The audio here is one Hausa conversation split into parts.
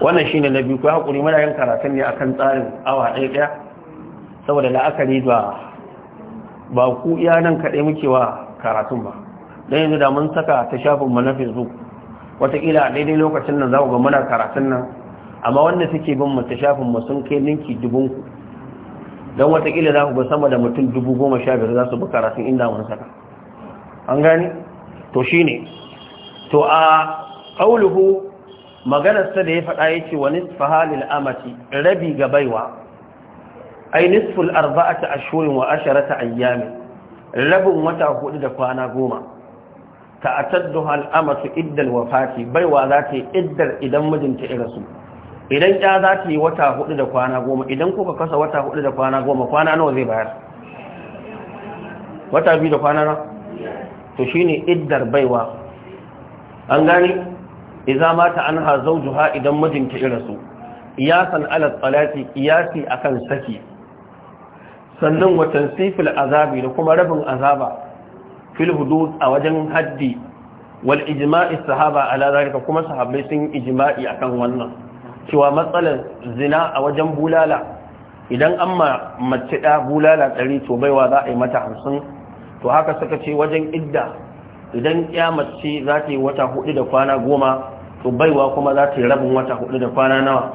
wannan shine na biyu kuwa hakuri muna yin karatun ne akan tsarin awa ɗaya ɗaya saboda la'akari ba ba ku iya nan kaɗai muke wa karatun ba don yanzu da mun saka ta shafin mu na facebook wataƙila daidai lokacin nan za ku ga muna karatun nan amma wanda suke bin mu ta shafin mu sun kai ninki dubun ku don wataƙila za ku ga sama da mutum dubu goma sha biyar za su bi karatun inda mun saka an gane to shine to a ƙauluhu maganarsa da ya faɗa ya ce wa nisfaha amati rabi ga baiwa ai nisful arba'ata ashurin wa asharata ayyami rabin wata hudu da kwana goma ta ta'attadduha al amatu iddal wafati baiwa za ta yi iddar idan mijinta ya rasu idan ya za ta yi wata hudu da kwana goma idan kuka kasa wata hudu da kwana goma kwana nawa zai bayar wata biyu da kwana na to shine iddar baiwa an gani Iza mata an anha ha idan mijinta ya rasu qiyasan ala iyasi akan saki sannan watan sifil azabi da kuma rabin azaba fil hudud a wajen haddi wal ijma'i sahaba ala zalika kuma sahabbai sun ijma'i akan wannan cewa matsalar zina a wajen bulala idan an ma mace da bulala ɗari to baiwa za a yi mata hamsin to haka suka ce wajen idda idan kyamace za ta yi wata hudu da kwana goma to baiwa kuma za ta yi rabin wata hudu da kwana nawa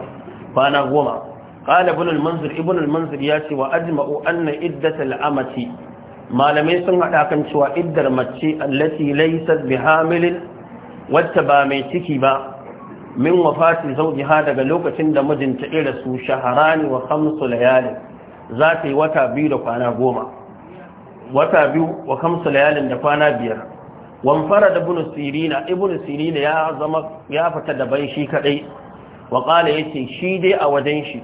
kwana goma qala ibn al-munzir ibn ya ce wa ajma'u anna iddat al-amati malamai sun hada kan cewa iddar mace allati laysat bihamilin wacce ba mai ciki ba min wafati ha daga lokacin da mijinta ya rasu shaharani wa khamsu layali za ta yi wata biyu da kwana goma wata biyu wa kamsu layalin da kwana biyar wamfara da ibn sirina ibn sirina ya zama ya fita daban shi kadai wa qala yace shi dai a wajen shi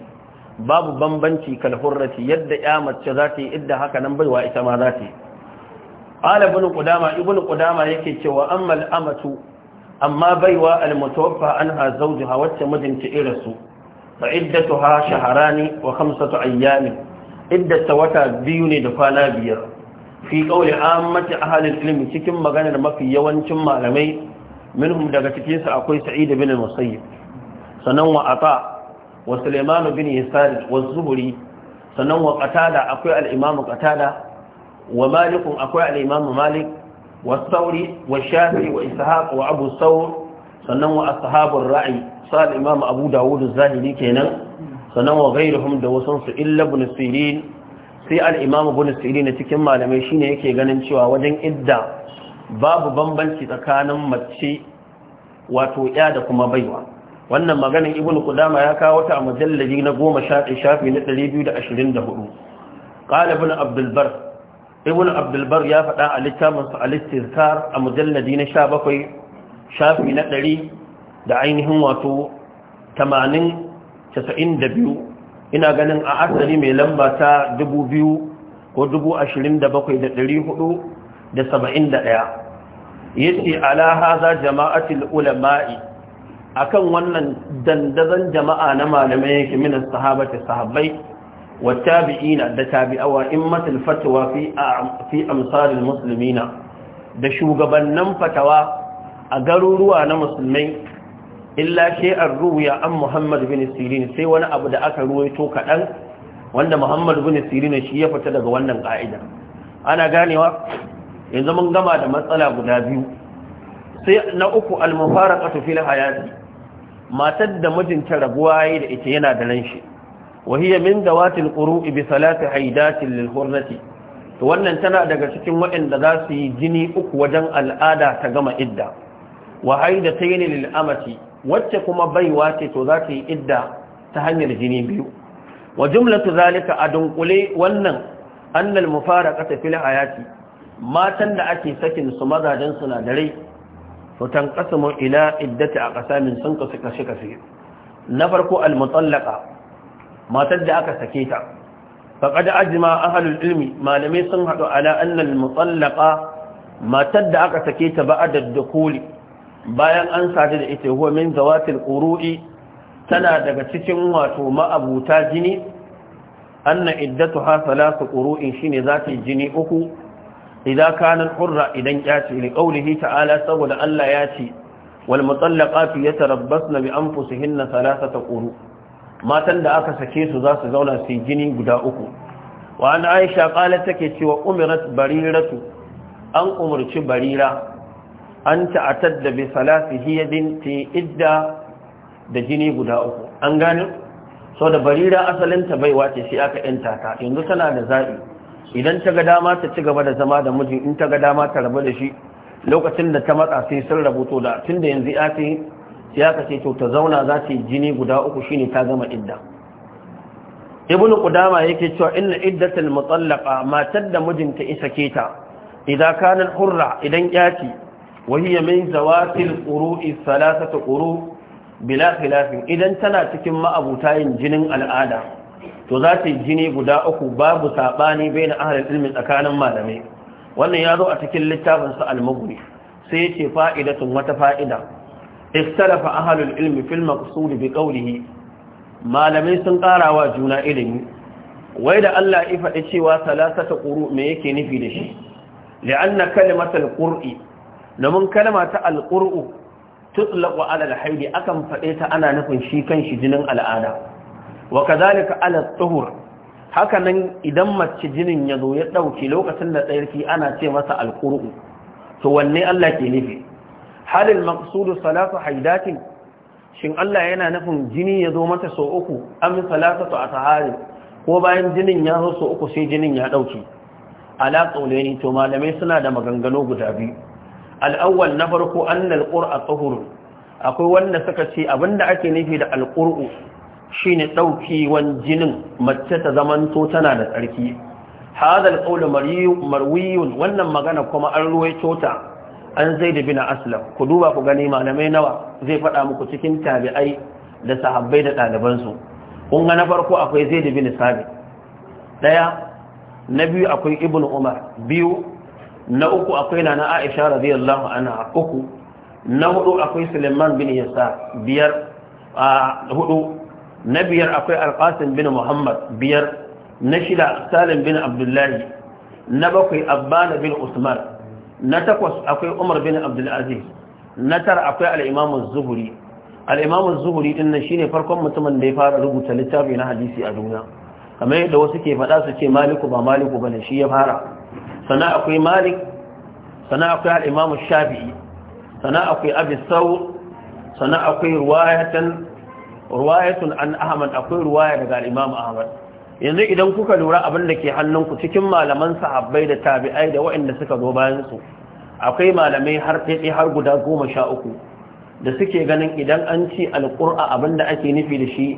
babu bambanci kal yadda ya mace za ta yi idda haka nan baiwa ita ma za ta yi qala ibn qudama ibn yake cewa an mal'amatu amma baiwa al mutawaffa anha zawjaha wacce mijinta irasu fa ha shaharani wa kamsatu ayyami. iddata wata biyu ne da kwana biyar fi qawli ammati ahli al-ilm cikin maganar mafi yawancin malamai minhum daga cikin su akwai sa'id bin al-musayyib sanan wa ata wa sulaiman bin yasar wa zuhri sanan wa qatada akwai al-imam qatada wa malik akwai al-imam malik wa thawri wa shafi wa ishaq wa abu thawr sanan wa ashabur ra'i sal imam abu dawud az-zahiri kenan sanan wa ghayruhum da wasan su illa ibn sirin sai al-imam ibn na cikin malamai shine yake ganin cewa wajen idda babu bambanci tsakanin mace wato ya da kuma baiwa wannan maganin ibn Kudama ya kawo ta a mujalladi na goma shafi na 224 qala ibn abdul bar ibn abdul bar ya faɗa a littafin sa al a mujalladi na 17 shafi na 100 da ainihin wato 80 92 ina ganin a asali mai lamba ta biyu ko ɗaya. yace ala hadha jama'atul ulama'i akan wannan dandazan jama'a na malamai yake min sahabati sahabbai wa tabi'ina da tabi'awa immatul fatwa fi fi amsalil musulmina da shugabannin fatawa a garuruwa na musulmai illa shi an a an muhammad bin sirin sai wani abu da aka ruwaito kaɗan wanda muhammad bin sirin shi ya fita daga wannan ƙa'ida ana ganewa yanzu mun gama da matsala guda biyu sai na uku almufaraqatu fil hayati matar da mijinta rabuwa yi da ita yana da ran shi وهي من ذوات القروء بثلاث حيدات للحرة wannan tana daga cikin waɗanda za su yi jini uku wajen al'ada ta gama idda wa haida ta yi lil'amati wacce kuma baiwa ce to za ta yi idda ta hanyar jini biyu wa jumlatu zalika a dunkule wannan annal mufaraqata fil hayati matan da ake sakin su mazajen su na dare ila iddata a iddati aqsamin sun kasu kashe-kashe. na farko al matar da aka sake ta faqad ajma ahlul ilmi malamai sun hadu ala annal mutallaqa matar da aka sake ta ba'da koli. bayan an sadu da ita huwa min zawatil quru'i tana daga cikin wato ma'abuta jini anna ha salasu quru'in shine zata jini uku idan kanan hurra idan yace li qawlihi ta'ala saboda Allah ya ce wal mutallaqatu yatarabbasna bi anfusihinna salasata quru matan da aka sake su za su zauna su jini guda uku wa an aisha qalat take cewa umirat bariratu an umarci barira an da bi salasihi yadin ti idda da jini guda uku an gane sau da barira ta baiwa ce shi aka yanta ta yanzu tana da zaɓi idan ta ga dama ta ci gaba da zama da mijin in ta ga dama ta rabu da shi lokacin da ta matsa sai sun rabuto da tun da yanzu ya ce ya to ta zauna za ta yi jini guda uku shine ta gama idda ibnu qudama yake cewa inna iddatul mutallaqa matar da mijinta isa keta idan kana hurra idan yaci Wai وهي من زوات القروء الثلاثه قروء بلا خلاف idan tana cikin maabutayin jinin al'ada to zati jini guda uku babu sabani bayin ahlul ilmi tsakanin malamai wannan ya zo a cikin littafin su al-mughni sai yace fa'idatu wata fa'ida ikhtalafa ahlul ilmi fil maqsud bi qawlihi malamai sun ƙara wa juna ilimi wai da Allah ya faɗi cewa salasata quru me yake nufi da shi li'anna kalimatul qur'i domin kalama ta alƙur'u tutlaqu ala alhaidi akan faɗe ta ana nufin shi kan shi jinin al'ada wa kadhalika ala tuhur haka nan idan mace jinin ya zo ya ɗauke lokacin da tsayarki ana ce masa alƙur'u to wanne Allah ke nufi halin maqsudu salatu haidatin shin Allah yana nufin jini ya zo mata so uku am a atahari ko bayan jinin ya zo so uku sai jinin ya dauke ala qawlaini to malamai suna da maganganu guda biyu al'awwal na farko annal a tahur akwai wanda suka ce abinda ake nufi da alqur'u shine daukewan jinin mace ta zamanto tana da tsarki hadha alqawl marwiyun wannan magana kuma an ruwaito cota, an zaid bina aslam ku duba ku gani malamai nawa zai faɗa muku cikin tabi'ai da sahabbai da ɗalibansu? su na farko akwai zaid bin sabit ɗaya na biyu akwai Ibin umar biyu na uku akwai nana Aisha radiyallahu anha uku na hudu akwai Suleiman bin Yasa biyar a hudu na biyar akwai Al-Qasim bin Muhammad biyar na shida Salim bin Abdullahi na bakwai Abban bin Usman na takwas akwai Umar bin Abdul Aziz na tara akwai al-Imam az-Zuhri al-Imam az-Zuhri din nan shine farkon mutumin da ya fara rubuta littafi na hadisi a duniya kamar yadda wasu ke faɗa su ce maliku ba maliku bane shi ya fara sana akwai malik sana akwai al'imamu shafi'i sana akwai Abisau. sau akwai ruwayatun an ahmad akwai ruwaya daga al'imamu ahmad yanzu idan kuka lura abin da ke hannunku cikin malaman sahabbai da tabi'ai da waɗanda suka zo bayansu akwai malamai har taɗe har guda goma sha uku da suke ganin idan an ci alƙur'a abin da ake nufi da shi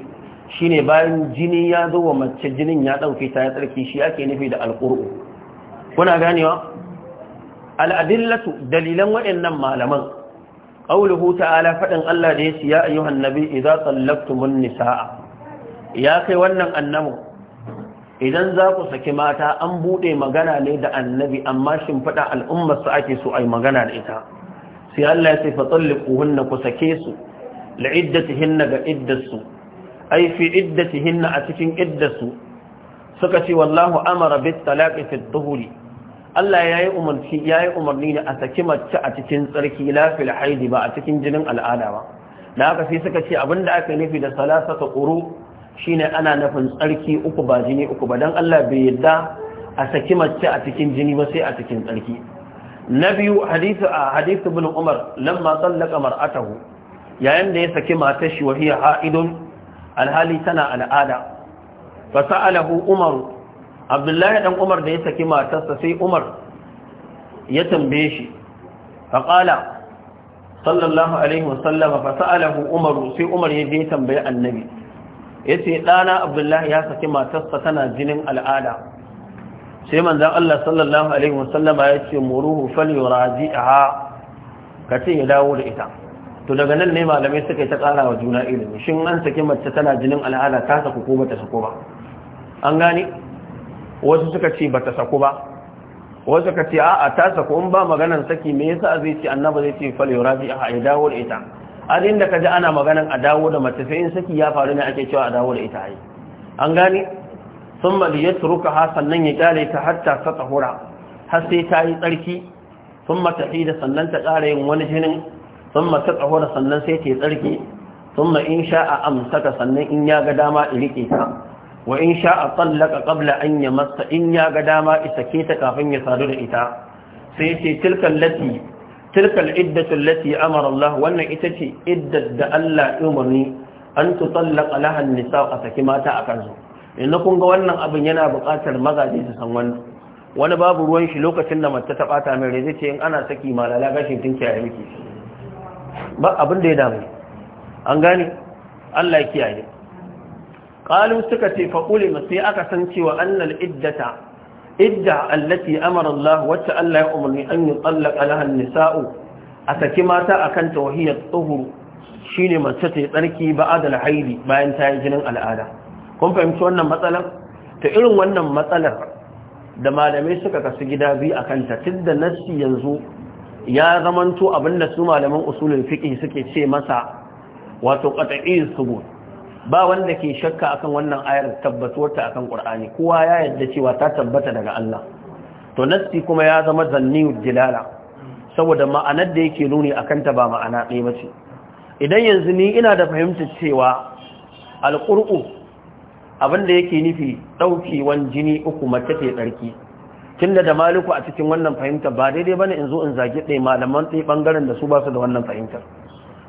shine bayan jini ya zo wa mace jinin ya ɗauke ta ya tsarki shi ake nufi da alƙur'u kuna ganewa al'adillatu dalilan waɗannan malaman qauluhu ta'ala faɗin Allah da yace ya ayyuhan nabi idza mun nisaa ya kai wannan annabi idan za ku saki mata an buɗe magana ne da annabi amma shin faɗa al'ummar su ake so ai magana da ita sai Allah ya ce fa talliquhunna ku sake su li'iddatihinna ga iddarsu ai fi hinna a cikin iddarsu suka ce wallahu amara bit talaqi fi dhuhuri Allah ya yi umarci ya yi umarni da a saki mace a cikin tsarki lafil haidi ba a cikin jinin al'ada ba da haka sai suka ce abinda aka nufi da salasa ta ƙuru shine ana nufin tsarki uku ba jini uku ba don Allah bai yadda a saki mace a cikin jini ba sai a cikin tsarki na biyu hadisu a hadithu bin umar lamma tsallaka mar'atahu yayin da ya saki matar shi wa hiya ha'idun alhali tana al'ada fa sa'alahu umar abdullahi dan umar da ya saki matarsa sai umar ya tambaye shi faƙala sallallahu alaihi wasallama fasa'alahu umaru sai umar ya je tambaye annabi ya ce ɗana abdullahi ya saki matarsa tana jinin al'ada sai manzan Allah sallallahu alaihi wasallama ya ce muruhu falyuraji'aha ka ce ya dawo da ita to daga nan ne malamai suka yi ta tsara wa juna ilimi shin an saki mace tana jinin al'ada ta saku ko bata saku ba an gane wasu suka ce bata saku ba wasu suka ce a'a ta saku in ba maganan saki me yasa zai ce annabi zai ce fal yurabi a ai dawo da ita an da kaji ana maganan a dawo da mace sai in saki ya faru ne ake cewa a dawo da ita ai an gani sun mali ya turuka ha sannan ya kyale ta hatta ta tsahura har sai ta yi tsarki sun fi da sannan ta ƙara yin wani jinin sun mata tsahura sannan sai ta yi tsarki sun ma in sha'a amsaka sannan in ya ga dama irike ta wa in sha a tsallaka ƙabla an masa in ya ga dama isa ke ta kafin ya sadu da ita sai ce tilkan lati tilkan iddatun lati amara Allah wannan ita ce iddat da Allah umarni an su tsallaka lahan nisa a saki mata a su inda kun ga wannan abin yana buƙatar mazaje su san wani, wani babu ruwan shi lokacin da mace ta bata mai rai ce in ana saki malala gashin tun kiyaye miki. ba abin da ya damu an gane Allah ya kiyaye qalu suka ce fa ulima sai aka san cewa annal iddata idda allati amara Allah wacce Allah ya umarni an yi tsallaka lahan nisa'u a saki mata akan tawhiyat tsuhur shine mace ta tsarki ba'ad al-haidi bayan ta yi jinin al'ada kun fahimci wannan matsalar ta irin wannan matsalar da malamai suka kasu gida biyu akan ta tunda nassi yanzu ya zamanto abinda su malaman usulul fiqh suke ce masa wato qat'i subut ba wanda ke shakka akan wannan ayar tabbatuwar ta akan Qur'ani kowa ya yarda cewa ta tabbata daga Allah to nassi kuma ya zama zanniyul Dilala, saboda ma'anar da yake nuni akan ta ba ma'ana ɗaya bace idan yanzu ni ina da fahimtar cewa alqur'u abinda yake nufi wan jini uku mace ta tsarki tunda da maliku a cikin wannan fahimta ba daidai bane in zo in zagi ɗaya malaman ɗaya bangaren da su ba su da wannan fahimtar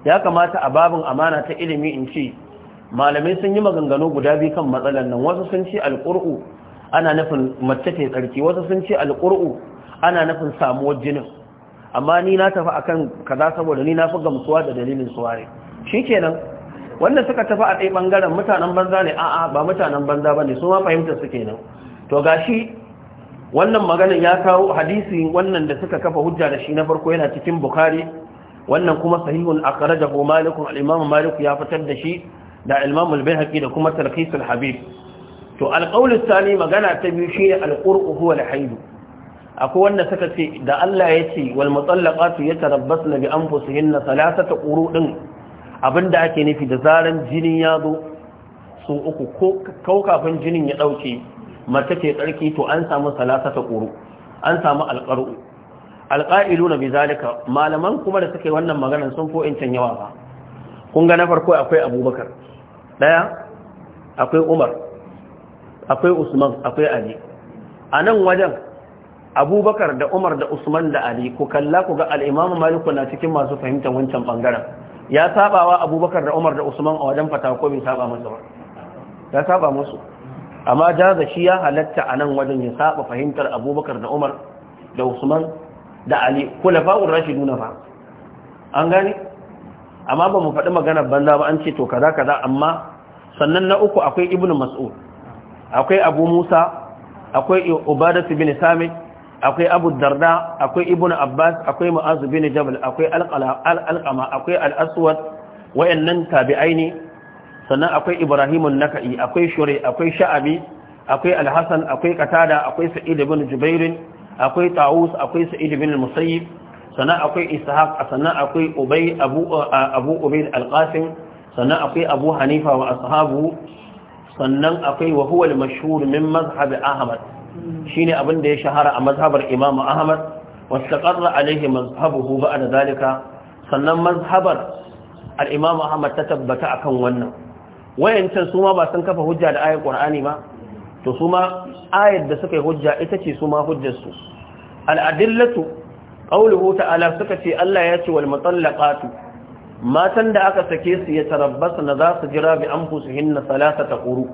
ya kamata a babin amana ta ilimi in ce malamai sun yi maganganu guda biyu kan matsalar nan wasu sun ce alƙur'u ana nufin mace ce tsarki wasu sun ce alƙur'u ana nufin samuwar jinin amma ni na tafi akan kaza saboda ni na fi gamsuwa da dalilin suware shikenan wanda suka tafi a ɗaya bangaren mutanen banza ne a'a ba mutanen banza ba ne su ma fahimtar su kenan to gashi wannan maganin ya kawo hadisi wannan da suka kafa hujja da shi na farko yana cikin bukari wannan kuma sahihun akhrajahu malikun al-imam malik ya fitar da shi da Imam al-Baihaqi da kuma Talqis al-Habib to al-qawl magana ta biyu shine al-qur'u huwa al-hayd akwai wanda suka ce da Allah ya ce wal mutallaqatu yatarabbasna bi anfusihinna thalathata quru din abinda ake nufi da zaran jinin ya zo su uku ko kafin jinin ya dauke mace ce tsarki to an samu thalathata quru an samu al-qur'u alqailuna bi zalika malaman kuma da suke wannan maganar sun fo in yawa ba kun na farko akwai Abubakar daya akwai umar akwai usman akwai ali a nan wajen abubakar da umar da usman da ali ku kalla ku ga al'imamu maliku na cikin masu fahimtar wancan bangaren ya sabawa abubakar da umar da usman a wajen fata ko saba masu ba ya saba musu amma jaza shi ya halatta a nan wajen ya saba fahimtar abubakar da umar da usman da ali kulafa'ur nuna fa an gani amma ba mu faɗi magana banza ba an ce to kaza kaza amma sannan na uku akwai ibn mas'ud akwai abu musa akwai ubadat bin samit akwai abu darda akwai ibn abbas akwai mu'az bin jabal akwai alqama akwai al-aswad wayannan tabi'ai ne sannan akwai ibrahim an-naka'i akwai shuri akwai sha'abi akwai al-hasan akwai qatada akwai sa'id bin jubair akwai ta'us akwai sa'id bin al-musayyib sannan akwai ishaq sannan akwai ubay abu uh, abu ubayd al sannan akwai abu hanifa wa ashabu sannan akwai wa huwa al min mazhab ahmad shine abin da ya shahara a mazhabar imam ahmad wastaqarra alayhi mazhabuhu ba'da dalika sannan mazhabar al-imam ahmad ta tabbata akan wannan wayancan su ma ba kafa hujja da ayat qur'ani ba to su ma ayat da suka yi hujja ita ce su ma hujjar su al-adillatu qauluhu ta'ala suka ce Allah ya ce wal mutallaqatu matan da aka sake su ya tarabbasu na za su jira bi anfusihinna ta ƙuru,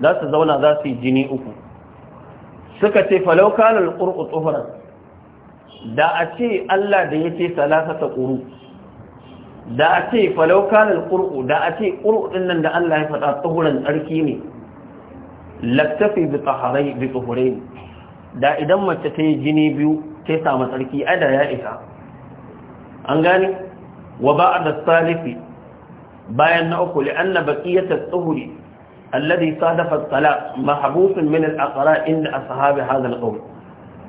za su zauna za su yi jini uku suka ce falau kana al da a ce Allah da ya ce yake ta ƙuru. da a ce falau kana da a ce qur'u din nan da Allah ya faɗa tuhran tsarki ne laktafi bi taharai da idan mace ta yi jini biyu sai samu sarki ada ya isa an gane wa ba'da salifi bayan na uku li'anna baqiyatu tsuhuri alladhi sadafa at-tala mahbusun min al-aqra inda ashabi hadha al-qawl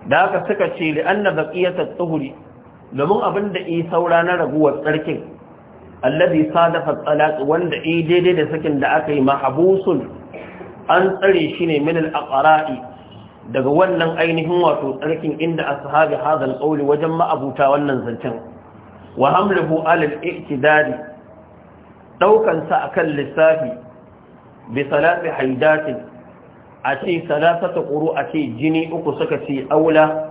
da haka suka ce li'anna baqiyatu tsuhuri domin abin da yi saura na raguwar tsarkin alladhi sadafa at-talaq wanda yi daidai da sakin da aka yi mahbusun an tsare shi ne min al-aqra'i daga wannan ainihin wato tsarkin inda ashabi hadal qawli wajen ma'abuta wannan zancen wa hamluhu alal i'tidari daukan a akan lissafi bi salati haidatin a ce salasata quru a ce jini uku suka ce aula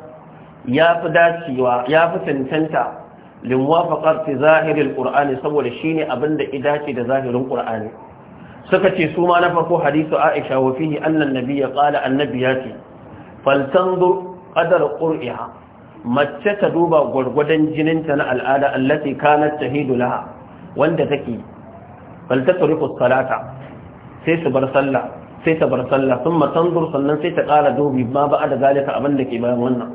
ya fi dacewa ya fi tantanta limuwafaqar fi zahiril ƙur'ani saboda shine abinda idace da zahirin ƙur'ani. suka ce su ma na farko hadisu aisha wa fihi annan ya ƙala annabi ya ce faltanzu ƙadar qur'iha mace ta duba gurgudan jininta na al'ada allati kanat tahidu laha wanda take faltasrifu salata sai su bar sallah sai ta bar sallah thumma tanzur sannan sai ta ƙara dubi ma ba da zalika abin da ke bayan wannan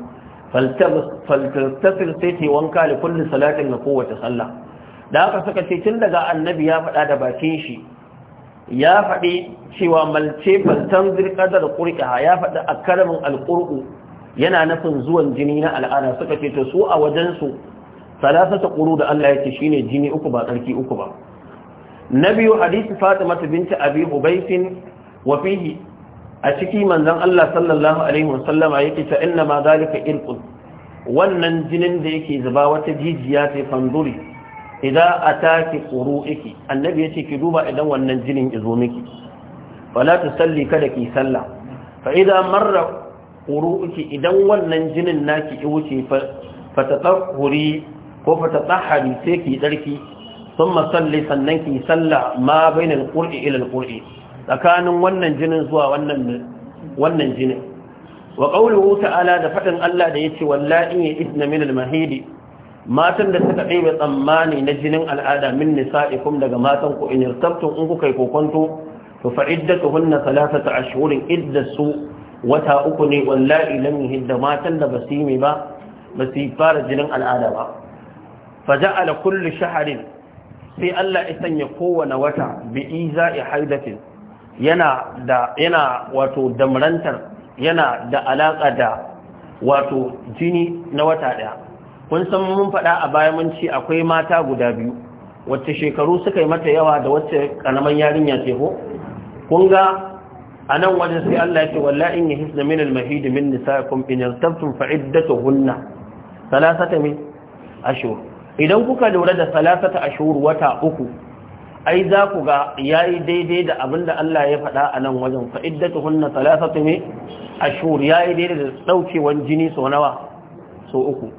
faltasir sai ta wanka da kullum salatin ga kowace sallah da aka saka ce tun daga annabi ya faɗa da bakin shi ya faɗi cewa malce faltan zirkadar ƙurƙiha ya faɗi a karamin alƙur'u yana nufin zuwan jini na al'ada suka ce to su a wajensu salasata ƙuru da Allah yake shine jini uku ba ƙarki uku ba na biyu hadisi fatima Binta abi ubaysin wafihi a ciki manzon Allah sallallahu alaihi wasallama yake ta inna ma zalika wannan jinin da yake zuba wata jijiya ce fanduri idan a taki tsoro iki annabi ya ce ki duba idan wannan jinin izo miki wala ta salli kada ki salla fa idan marra tsoro iki idan wannan jinin naki ki wuce fa ta tsakuri ko fa ta tsahari sai ki tsarki sun masalli sannan ki salla ma bai na ƙuri ilal ƙuri tsakanin wannan jinin zuwa wannan jinin wa ƙaunar ta'ala da faɗin Allah da ya ce wallahi ya isna min al-mahidi matan da suka ɗebe tsammani na jinin al'ada min nisa'ikum daga matan ku in yartabtum in kuka yi kokonto to fa iddatuhunna thalathata idda su wata uku ne wallahi lam hidda matan da basu yi ba basu fara jinin al'ada ba fa ja'ala kullu shaharin sai Allah ya sanya kowane wata bi iza'i haidatin yana da yana wato damrantar yana da alaka da wato jini na wata ɗaya. kun san mun faɗa a baya mun ce akwai mata guda biyu wacce shekaru suka yi mata yawa da wacce kanaman yarinya ce ko kun ga a nan wajen sai Allah ya ce wallahi in yahisna min al-mahid min nisaikum in yartabtum fa iddatuhunna salasata min ashur idan kuka lura da salasata ashur wata uku ai za ku ga yayi daidai da abinda Allah ya faɗa a nan wajen fa iddatuhunna salasatu min ashur yayi daidai da daukewan jini so nawa so uku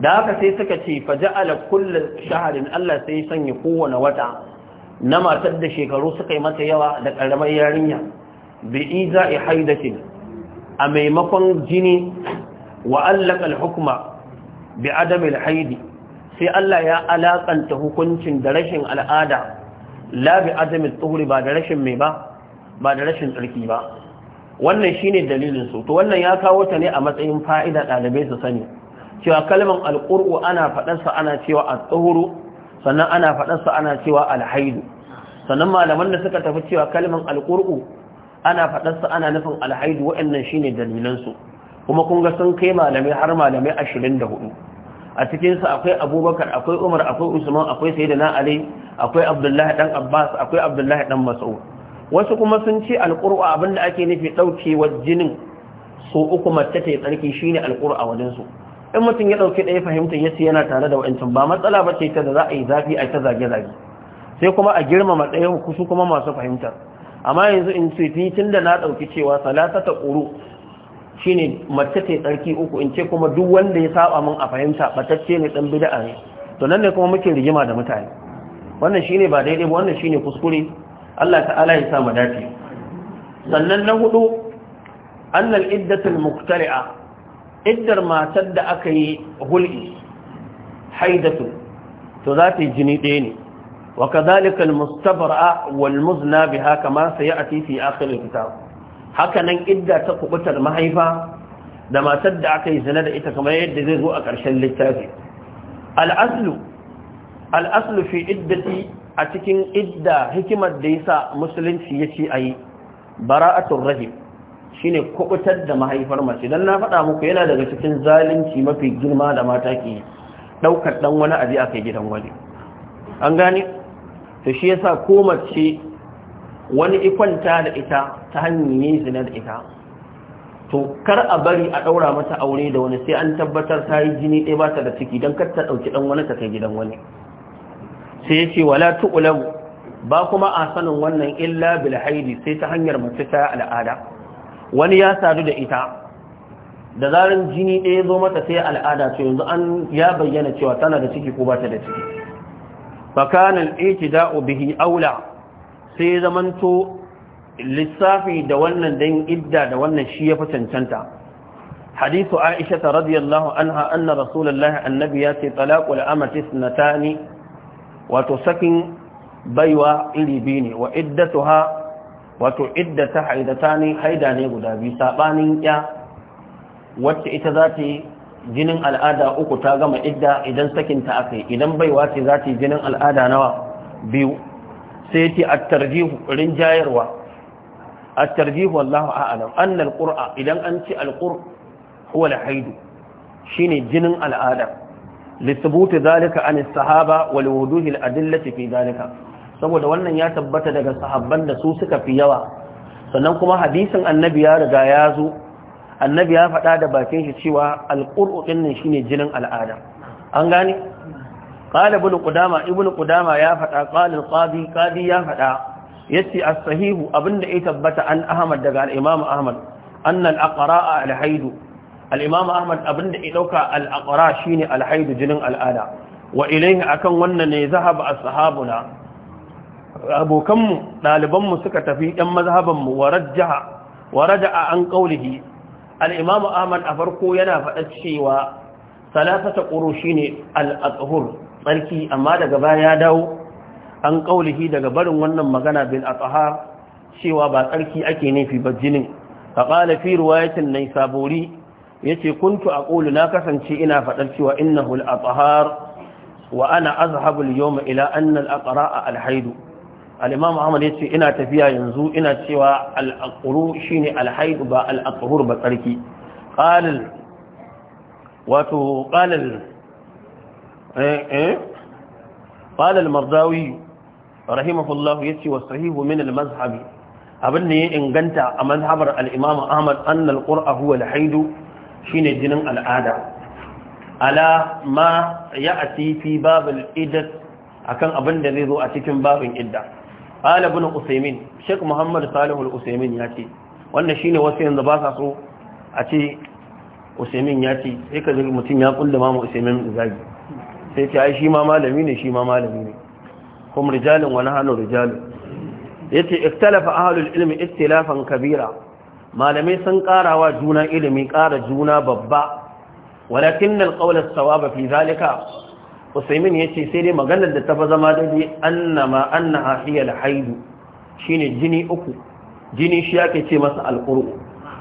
da haka sai suka ce faja'ala kullun shaharin Allah sai sanya kowane wata na matar da shekaru suka yi mata yawa da ƙaramar yarinya bi iza'i haidatin a maimakon jini wa allaka hukuma hukma bi adamil haidi sai Allah ya alakanta hukuncin da rashin al'ada la bi adamil ba da rashin mai ba ba da rashin tsarki ba wannan shine dalilin su to wannan ya kawo ta ne a matsayin fa'ida ɗalibai su sani cewa kalman alƙur'u ana faɗarsa ana cewa al-tsohuru sannan ana faɗarsa ana cewa alhaidu sannan malaman da suka tafi cewa kalman alƙur'u ana faɗarsa ana nufin alhaidu waɗannan shine dalilansu kuma kun ga sun kai malamai har malamai ashirin da hudu a cikinsu akwai abubakar akwai umar akwai usman akwai sayyidina ali akwai abdullahi dan abbas akwai abdullahi dan mas'ud wasu kuma sun ce abin abinda ake nufi ɗaukewar jinin so uku mace ta yi tsarki shine alƙur'a wajen in mutum ya ɗauki ɗaya fahimta ya ce yana tare da wa'ancin ba matsala ba ce ta da za a yi zafi a ta zage-zage sai kuma a girmama ɗaya kusu kuma masu fahimtar amma yanzu in ce ni tun da na ɗauki cewa salata ta ƙuru shine mace ta tsarki uku in ce kuma duk wanda ya saba min a fahimta batacce ne ɗan bida'a ne to nan ne kuma muke rigima da mutane wannan shine ba daidai ba wannan shine kuskure Allah ta'ala ya sa mu dace sannan na hudu annal iddatul muqtari'a iddar matar da aka yi hulɗi haidatu to za ta yi jini ɗaya ne wa kadhalika al-mustabara wal muzna biha kama sayati fi akhir al-kitab haka nan idda ta kubutar mahaifa da matar da aka yi zina da ita kamar yadda zai zo a ƙarshen littafi al-aslu fi iddati a cikin idda hikimar da yasa musulunci ya ce a yi bara'atun rahim shine kubutar da mahaifar mace dan na faɗa muku yana daga cikin zalunci mafi girma da mata ke daukar dan wani abi a kai gidan wani an gane to shi yasa ko mace wani ikwanta da ita ta hanyoyin zina da ita to kar a bari a daura mata aure da wani sai an tabbatar ta yi jini ɗaya ba ta da ciki dan kar ta ɗauki ɗan wani ta kai gidan wani sai yace wala tu'lam ba kuma a sanin wannan illa bil haidi sai ta hanyar mace ta al'ada wani ya sadu da ita da zarin jini ɗaya zo mata sai al'ada ce yanzu an ya bayyana cewa tana da ciki ko ba ta da ciki fakanan itida'u bihi aula sai zamanto lissafi da wannan dan idda da wannan shi ya fi cancanta حديث anha anna الله annabi ya ce الله النبي na tani, sakin baiwa iri بيوى ne wa iddatuha wato idda ta haidata ne haida ne guda biyu saɓanin ya wacce ita za ta yi jinin al'ada uku ta gama idda idan sakinta aka yi idan bai wace za ta yi jinin al'ada nawa biyu sai a tarjihu rinjayarwa a tarjihu wallahu a'alam an alƙur'a idan an ci alƙur huwa haidu shine jinin al'ada lissabuta zalika an sahaba wal wuduhi al adillati zalika saboda wannan ya tabbata daga sahabban da su suka fi yawa sannan kuma hadisin annabi ya riga ya zo annabi ya faɗa da bakin shi cewa alƙur'u ɗin shine jinin al'ada an gane qala ibn qudama qudama ya faɗa qala al-qadi qadi ya faɗa yace as-sahihu abinda ya tabbata an ahmad daga al-imam ahmad anna al-aqra'a al-haid al-imam ahmad abinda ya dauka al-aqra shine al-haid jinin al'ada wa ilayhi akan wannan ne zahaba as-sahabuna abokanmu ɗalibanmu suka tafi ɗan mazhabanmu wa raja'a an ƙaunihi al'imamu ahmad a farko yana faɗa cewa salasata ƙuru shi ne al'adhur tsarki amma daga baya ya dawo an ƙaunihi daga barin wannan magana bin tsahar cewa ba tsarki ake nufi ba jinin ka ƙala fi ruwayatin nai sabori ya ce kuntu a ƙolu na kasance ina faɗar cewa innahu al'adhar wa ana azhabul yawma ila annal a alhaidu alimam Muhammad ahmad yace ina tafiya yanzu ina cewa al'akuru aqru shine Alhaidu ba al ba tsarki qala wato qala eh eh qala al-mardawi wa sahihu min al-mazhab abin da ya inganta a mazhabar alimam ahmad anna huwa shine jinin al'ada ala ma ya'ti fi bab al akan abin da zai zo a cikin babin idda qala ibn usaymin sheikh muhammad salih al ya ce wannan shine wasu yanzu ba sa so a ce usaymin ya ce sai ka zuri mutum ya kulle ma usaymin zagi sai ce ai shi ma malami ne shi ma malami ne kum rijalun wa nahnu rijalun yace ikhtalafa ahlul ilmi ikhtilafan kabira malamai sun karawa juna ilimi kara juna babba walakin alqawl as-sawab fi zalika usaimin ya ce sai dai maganar da ta fa zama daidai annama annaha hiyal haidu shine jini uku jini shi ake ce masa alkur'u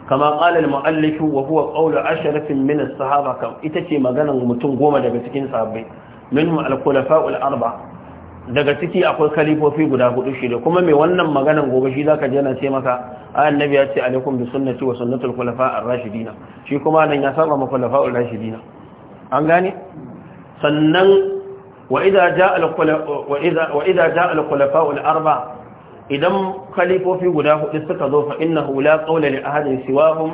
kama qala almuallif wa huwa qawlu asharatin min sahaba kam ita ce maganar mutum goma daga cikin sahabbai min al-khulafa'u arba daga ciki akwai kalifofi guda hudu shi da kuma mai wannan maganar gobe shi zaka je na ce maka annabi ya ce alaikum bi sunnati wa sunnatul khulafa ar-rashidina shi kuma nan ya saba ma khulafa ar-rashidina an gane sannan wa idza jaa al-khulafa al-arba idan khalifofi guda hudu suka zo fa innahu la qawla li ahadin siwahum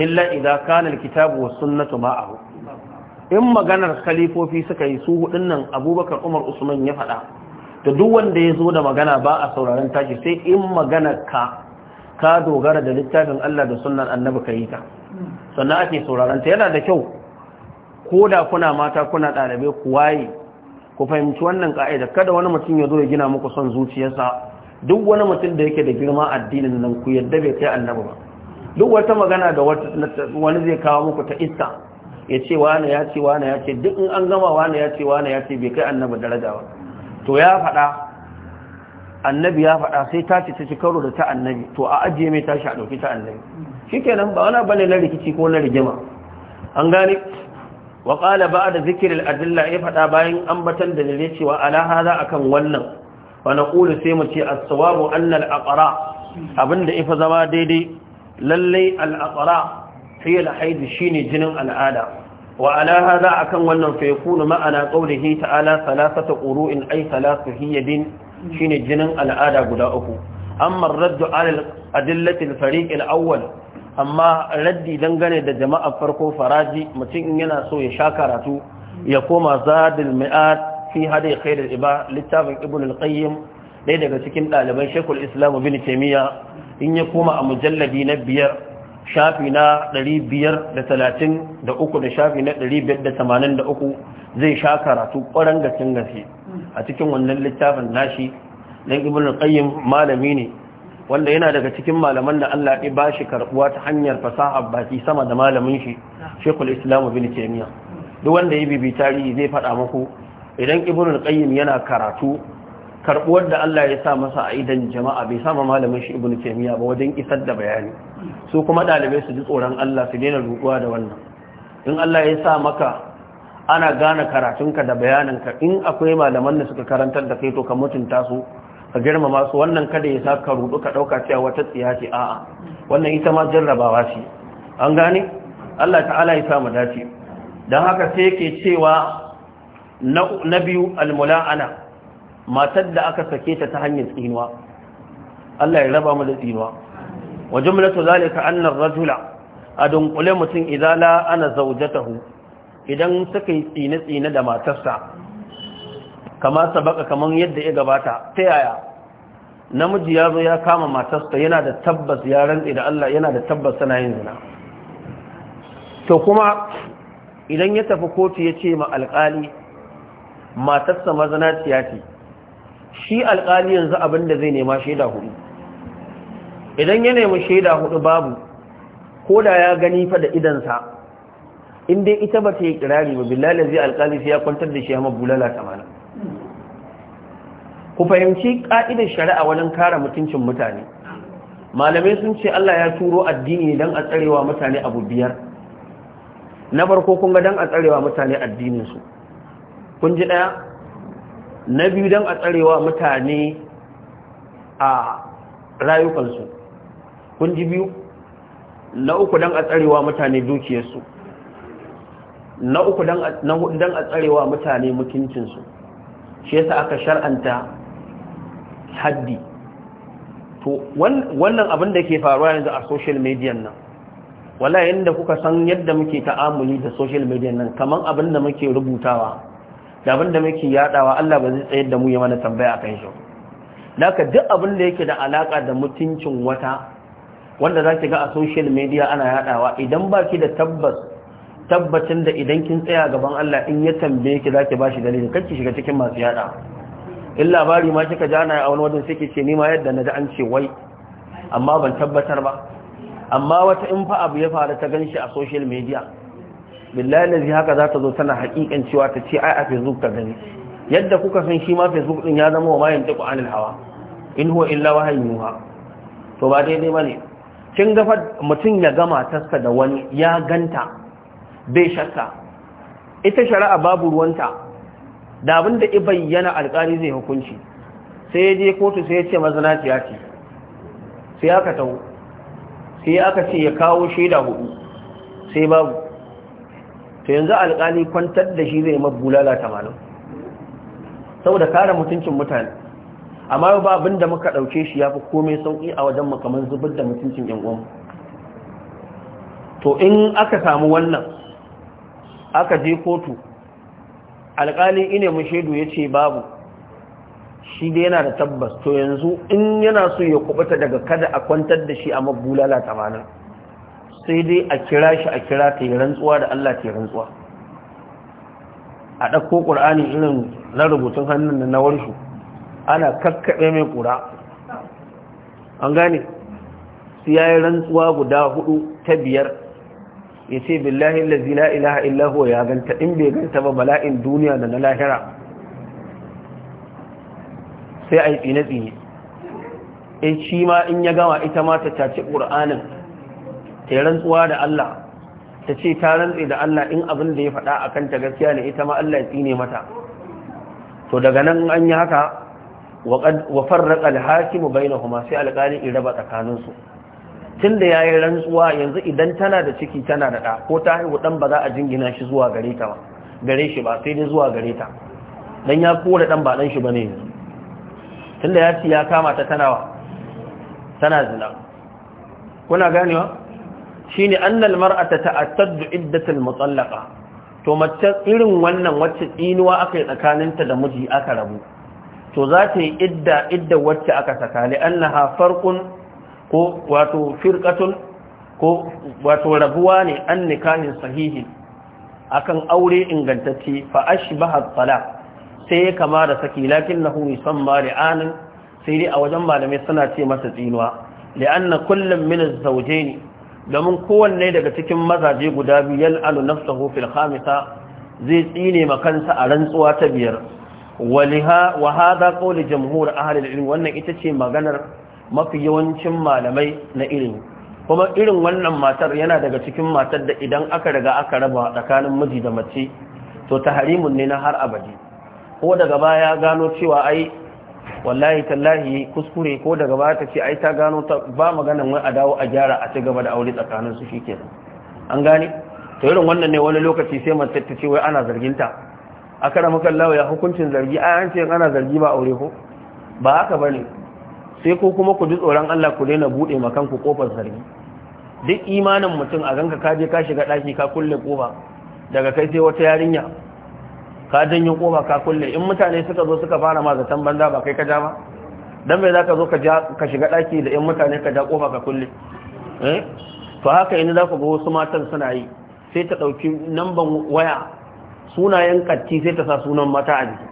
illa idza kana al-kitabu was sunnatu ma'ahu in maganar khalifofi suka yi su hudun nan abubakar umar usman ya faɗa da duk wanda ya zo da magana ba a sauraron tashi sai in magana ka ka dogara da littafin Allah da sunnan annabi ka yi ta sannan ake sauraron ta yana da kyau ko da kuna mata kuna ɗalibai ku ku fahimci wannan ka'ida kada wani mutum ya zo ya gina muku son zuciyarsa duk wani mutum da yake da girma addinin nan ku yadda bai kai annabi ba duk wata magana da wani zai kawo muku ta isa ya ce wani ya ce wani ya ce duk in an gama wani ya ce wani ya ce bai kai annabi daraja ba to ya faɗa annabi ya faɗa sai ta ce ta ci karo da ta annabi to a ajiye mai tashi a ɗauki ta annabi shikenan ba wani bane na rikici ko na rigima an gane wa ba'a da zikirin adilla ya faɗa bayan ambatan da ne cewa za a kan wannan wa naqulu sai mu ce as-sawabu anna al abinda ifa zama daidai lallai al'aƙara fiye da al shine jinin al'ada wa za a kan wannan fa yakunu ma'ana qawlihi ta'ala salasata quru'in ai salasu hiyadin shine jinin al'ada guda uku amma raddu ala adillatin adillati awwal amma raddi dangane da jama'a farko faraji mutum in yana so ya sha karatu ya koma zadul mi'ad fi hadi khairul iba littafin ibn al-qayyim dai daga cikin daliban shekul islam bin taymiya in ya koma a mujallabi na biyar shafi na 533 da shafi na 583 zai sha karatu ƙwaron gasin gaske a cikin wannan littafin nashi dan ibn al-qayyim malami ne wanda yana daga cikin malaman da Allah ya ba shi karbuwa ta hanyar fasaha baki sama da malamin shi Sheikhul Islam Ibn Taymiyyah duk wanda ya bibi tarihi zai faɗa muku idan Ibn Qayyim yana karatu karbuwar da Allah ya sa masa a idan jama'a bai sama malamin shi Ibn Taymiyyah ba wajen isar da bayani su kuma dalibai su ji tsoron Allah su daina ruɗuwa da wannan in Allah ya sa maka ana gane karatunka da bayaninka in akwai malaman da suka karantar da kai to ka mutunta su ka girmama su wannan kada ya sa ka rudu ka ɗauka cewa wata tsiya a'a wannan ita ma jarrabawa ce an gane Allah ta'ala ya sa mu dace Don haka sai yake cewa na biyu almula'ana matar da aka sake ta ta hanyar tsinuwa Allah ya raba mu da tsinuwa wa jumlatu zalika anna ar-rajula adun dunkule mutum idza la ana zawjatahu idan suka yi tsine-tsine da matarsa kama sabaka kamar yadda ya gabata ta yaya namiji ya zo ya kama matarsa yana da tabbas ya rantsi da Allah yana da tabbas tana yin zina to kuma idan ya tafi kotu ya ce ma alƙali matarsa mazana tiyati shi alkali yanzu abin da zai nema shaida hudu idan ya nemi shaida hudu babu ko da ya gani fa da idansa dai ita ba ta yi kirari ba billahi zai alkali sai ya kwantar da shi ya mabulala tamanin ku fahimci ƙa'idar shari'a wajen kare mutuncin mutane malamai sun ce Allah ya turo addini don a tsarewa mutane abu biyar na farko kun ga don a tsarewa mutane addininsu kun ji ɗaya na biyu don a tsarewa mutane a rayukansu kun ji biyu na uku don a tsarewa mutane dukiyarsu na uku don a tsarewa mutane mutuncinsu shi yasa aka shar'anta haddi to wannan abin da ke faruwa yanzu a social media nan wala yadda kuka san yadda muke ta'amuli da social media nan kaman abin da muke rubutawa da abin da muke yadawa Allah ba zai tsayar da mu ya mana tambaya akan shi naka duk abin da yake da alaka da mutuncin wata wanda zaki ga a social media ana yadawa idan ba da tabbas tabbacin da idan kin tsaya gaban Allah in ya tambaye ki zaki bashi ba shi dalilin kar ki shiga cikin masu yada in labari ma kika ja na a wani wajen sai ce ni ma yadda na ji an ce wai amma ban tabbatar ba amma wata in fa abu ya faru ta ganshi a social media billahi lazi haka za ta zo tana hakikan cewa ta ce ai a facebook ta gani yadda kuka san shi ma facebook din ya zama wa mayan taku anil hawa in huwa illa wahayin yuha to ba daidai ne. kin ga mutum ya gama taska da wani ya ganta bai shakka ita shari'a babu ruwanta da abin da i yana alkali zai hukunci sai ya je kotu sai ya ce mazinaciya ce sai aka taho sai aka ce ya kawo shaida hudu sai babu to yanzu alkali kwantar da shi zai mabbulala tamanin saboda kare mutuncin mutane amma ba abin da muka ɗauke shi ya fi komai sauƙi a wajen makaman zubar da mutuncin yan'uwan to in aka samu wannan aka je kotu alƙalin ine mu shaidu ya ce babu shi dai yana da tabbas to yanzu in yana so ya kubuta daga kada a kwantar da shi a mabbulala tamanin sai dai a kira shi a kira ta yi rantsuwa da Allah ta yi rantsuwa a ɗauko ƙur'ani irin na rubutun hannun da na warshu ana kakkaɓe mai ƙura an gane su ya rantsuwa guda hudu ta biyar ya ce billahi lazi la ilaha illahu ya ganta in bai ganta ba bala'in duniya da na lahira sai a yi tsine-tsine in eh, shi ma in ya gama ita ma ta caci ƙur'anin ta yi rantsuwa da Allah ta ce ta rantse da Allah in abin da ya faɗa a ta gaskiya ne ita ma Allah ya tsine mata to daga nan an yi haka wa farraƙa na bainahuma sai alƙalin iraba tsakaninsu tun da ya yi rantsuwa yanzu idan tana da ciki tana da ɗa ko ta haihu ɗan ba za a jingina shi zuwa gare ta ba gare shi ba sai dai zuwa gare ta don ya kore ɗan ba ɗan shi ba ne yanzu tun da ya ci ya kama ta tanawa tana zina kuna ganewa shi ne an annal a ta'attaddu iddatul matsallaka to mace irin wannan wacce tsinuwa aka yi tsakaninta da miji aka rabu to za ta yi idda idda wacce aka saka annaha farqun ko wato firqatun ko wato rabuwa ne an nikahin sahihi akan aure ingantacce fa ashbaha talaq sai kama da saki lakinnahu yusamma li'anan sai dai a wajen malamai suna ce masa tsinuwa li'anna kullum min az ne. domin kowanne daga cikin mazaje guda biyu yal'anu nafsahu fil khamisa zai tsine makansa a rantsuwa ta biyar wa hada qawli jumhur ahli halin wannan ita ce maganar mafi yawancin malamai na irin. kuma irin wannan matar yana daga cikin matar da idan aka riga aka raba tsakanin miji da mace to taharimun ne na har abadi ko daga baya gano cewa ai wallahi tallahi kuskure ko daga baya ta ce ai ta gano ta ba maganan wai a dawo a gyara a ci gaba da aure tsakanin su shikenan an gane to irin wannan ne wani lokaci sai mace ta ce wai ana zarginta akara mukallawa ya hukuncin zargi ai an ce ana zargi ba aure ko ba haka bane sai ko kuma ku ji tsoron Allah ku daina bude makan ku kofar zargi duk imanin mutum a ganka ka je ka shiga daki ka kulle kofa daga kai sai wata yarinya ka janyo kofa ka kulle in mutane suka zo suka fara ma zaton banza ba kai ka ja ba dan bai za ka zo ka shiga daki da yan mutane ka ja kofa ka kulle eh to haka yanzu za ku ga wasu matan suna yi sai ta dauki namban waya sunayen katti sai ta sa sunan mata a jiki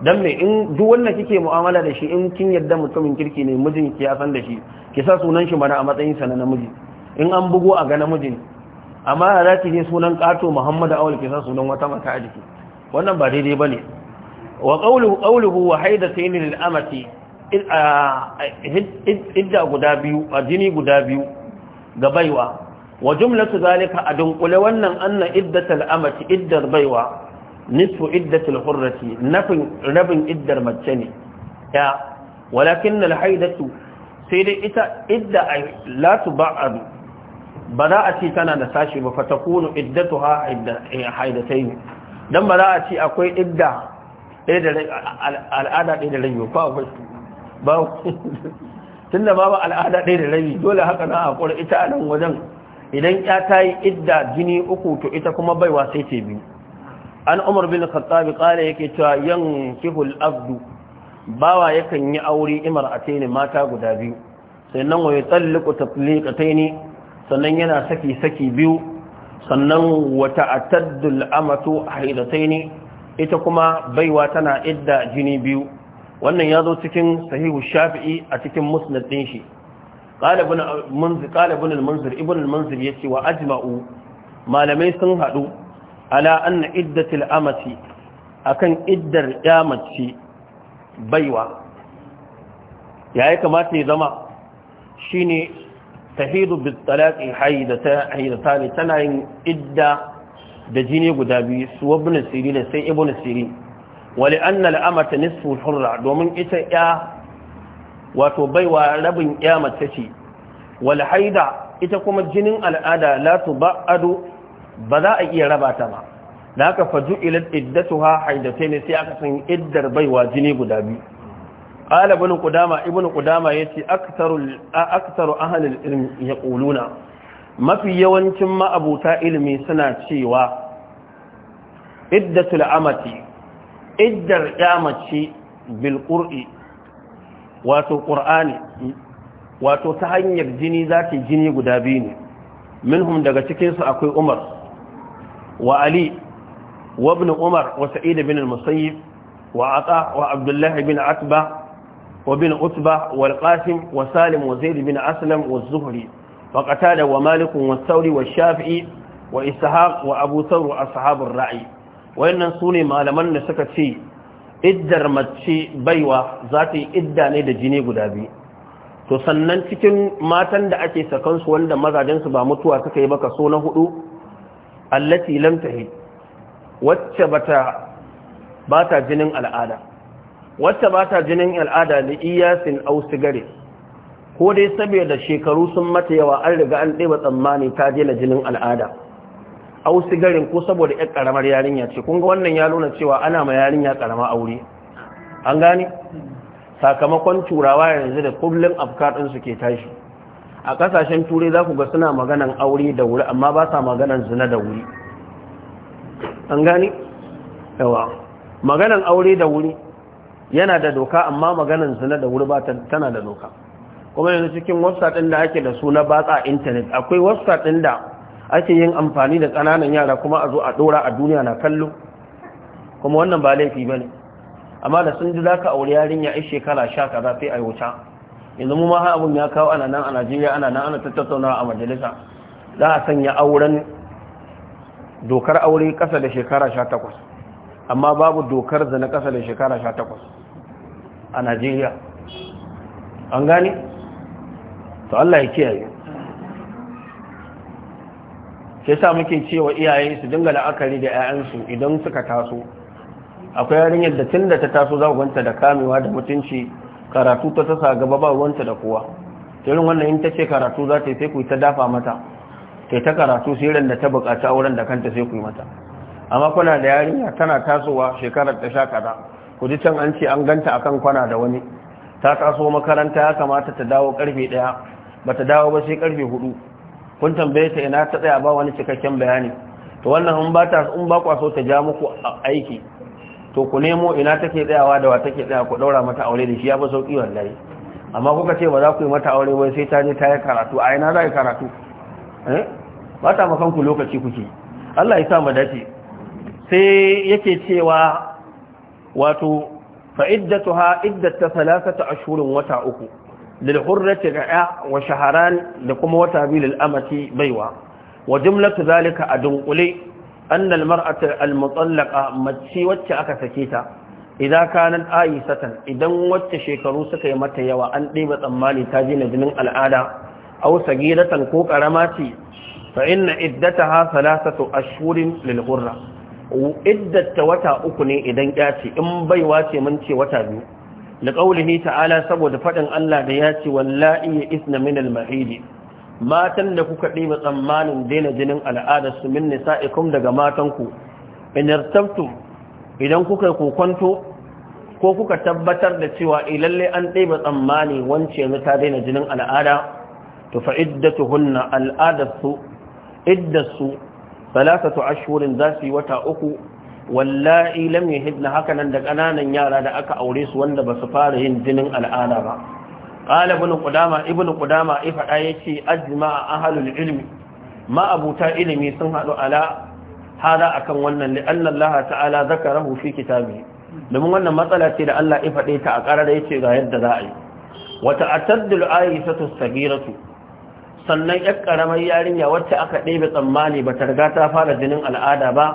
dan me in duk wanda kike mu'amala da shi in kin yadda mutumin kirki ne mijin ki ya san da shi ki sa sunan shi mana a matsayin sa na namiji in an bugo a ga namiji amma za ki je sunan kato Muhammad awal ki sa sunan wata mata a jiki wannan ba daidai bane wa qawluhu qawluhu wa haidatayn lil amati idda guda biyu a jini guda biyu ga baiwa wa jumlatu zalika a dunkule wannan anna iddatal amati iddar baiwa nisfu iddatul hurrati nafin rabin iddar mace ne ya walakin na alhaidatu sai dai ita idda la tuba'ad ba za a ce tana da sashi ba fa takunu iddatuha eh, ne. Don ba za a ce akwai idda al'ada ɗaya da rabi ba akwai ba tunda babu al'ada ɗaya da rabi dole haka na a ita a nan wajen idan ya ta yi idda jini uku to ita kuma baiwa sai ce biyu an umar bin Katsabi kala yake cewa Kihul abdu bawa yakan yi aure imar'ataini mata guda biyu sannan wa yutalliqu tatliqataini sannan yana saki saki biyu sannan wa ta'taddul amatu haidataini ita kuma baiwa tana idda jini biyu wannan ya zo cikin sahihu shafi'i a cikin musnad din shi qala ibn munzir qala ibn al-munzir ibn al-munzir yace wa ajma'u malamai sun hadu ala anna iddatil amati akan iddar yamaci baiwa ya kamata ya zama shine tahidu bit talaqi haidata haidatani tana yin idda da jini guda biyu su ibn sirin sai ibn sirin wali anna al amata nisfu hurra domin ita ya wato baiwa rabin ya mace ce wal haida ita kuma jinin al'ada la ado? ba za a iya raba ta ba da aka faju ha iddatuha ne sai aka san iddar baiwa jini guda biyu qala ibn qudama ibn qudama yace aktharu aktharu ahli ilmi yaquluna mafi yawancin ma'abuta ilmi suna cewa iddatul amati iddar yamaci bil qur'i wato qur'ani wato ta hanyar jini zaki jini guda biyu ne minhum daga cikinsu akwai umar وعلي وابن عمر وسعيد بن المصيب وعطاء وعبد الله بن عتبة وبن عتبة والقاسم وسالم وزيد بن أسلم والزهري وقتال ومالك والثوري والشافعي وإسحاق وأبو ثور أصحاب الرعي وإن سوني ما لمن سكت فيه iddar mace baiwa za ta yi idda ne da jini guda biyu to sannan cikin matan da ake sakansu wanda mazajensu ba mutuwa suka yi ba kaso na hudu allati lam tahid wacce bata bata jinin al'ada wacce bata jinin al'ada da iyasin aw sigare ko dai saboda shekaru sun mata yawa an riga an ɗeba tsammani ta daina jinin al'ada aw sigarin ko saboda ƴar karamar yarinya ce kun wannan ya nuna cewa ana ma yarinya karama aure an gane sakamakon turawa yanzu da kullun afkar din su ke tashi a kasashen turai za ku ga suna maganan aure da wuri amma ba sa maganan zina da wuri an gani? yawa maganan aure da wuri yana da doka amma maganan zina da wuri ba tana da doka kuma yanzu cikin website ɗin da ake da su na batsa intanet akwai website ɗin da ake yin amfani da tsananin yara kuma a zo a ɗora a duniya na kallo kuma wannan ba laifi ba ne amma da sun ji za ka aure yarinya ishe shekara sha kaza sai a yi wuta yanzu mu ma abun ya kawo ana nan a Najeriya ana nan ana tattaunawa a majalisa za a sanya auren dokar aure kasa da shekara 18 amma babu dokar zina kasa da shekara 18 a Najeriya an gani to Allah ya kiyaye sai sa muke cewa iyaye su dinga la'akari da 'ya'yansu idan suka taso akwai yarinyar da tun da ta taso za gwanta da kamewa da mutunci karatu ta tasa gaba ba ruwanta da kowa irin wannan in ta ce karatu za ta yi sai ku ta dafa mata ta ta karatu sai ran da ta bukaci auren da kanta sai ku yi mata amma kwana da yarinya tana tasowa shekarar ta sha kaza ku ji can an ce an ganta akan kwana da wani ta taso makaranta ya kamata ta dawo karfe daya ta dawo ba sai karfe hudu kun tambaye ta ina ta tsaya ba wani cikakken bayani to wannan in ba ta in ba kwaso ta ja muku aiki to ku nemo ina take tsayawa da wa take tsaya ku daura mata aure da shi ya fi sauki wallahi amma kuka ce ba za ku yi mata aure wai sai ta je ta yi karatu a ina za yi karatu eh ba ta makan ku lokaci kuke Allah ya sa mu dace sai yake cewa wato fa iddatuha ta thalathatu ashhurin wata uku lil hurrati ra'a wa shaharan da kuma wata biyu lil amati baiwa wa jumlatu zalika dunkule. annal mar'ata al-mutallaqa mace wacce aka sake ta idan kanat aisatan idan wacce shekaru suka yi mata yawa an ɗeba tsammani ta ji jinin al'ada aw sagiratan ko karama ce fa inna iddataha thalathatu ashhurin lil ghurra iddata wata uku ne idan ya ce in baiwa ce mun ce wata biyu da qaulihi ta'ala saboda faɗin Allah da ya ce wallahi isna min al matan da kuka ɗiba tsammanin daina jinin al'adar su min nisa'ikum daga matanku in idan kuka kokonto ko kuka tabbatar da cewa ilalle eh, an ɗiba tsammani wance yanzu ta daina jinin al'ada to fa iddatuhunna al'adar su iddar su salasatu ashhurin za su yi wata uku wallahi lam yahidna hakanan da ƙananan yara da aka aure su wanda ba su fara yin jinin al'ada ba qala ibn qudama ibn qudama ya fada yace ajma'a ahlul ilmi ma ilimi sun hadu ala hada akan wannan li anna Allah ta'ala zakarahu fi kitabihi domin wannan matsala ce da Allah ya fade ta a karara yace ga yadda za a yi wa ta'taddul ayatu sagiratu sannan yar karamar yarinya wacce aka ɗebe tsammani ba ta riga ta fara jinin al'ada ba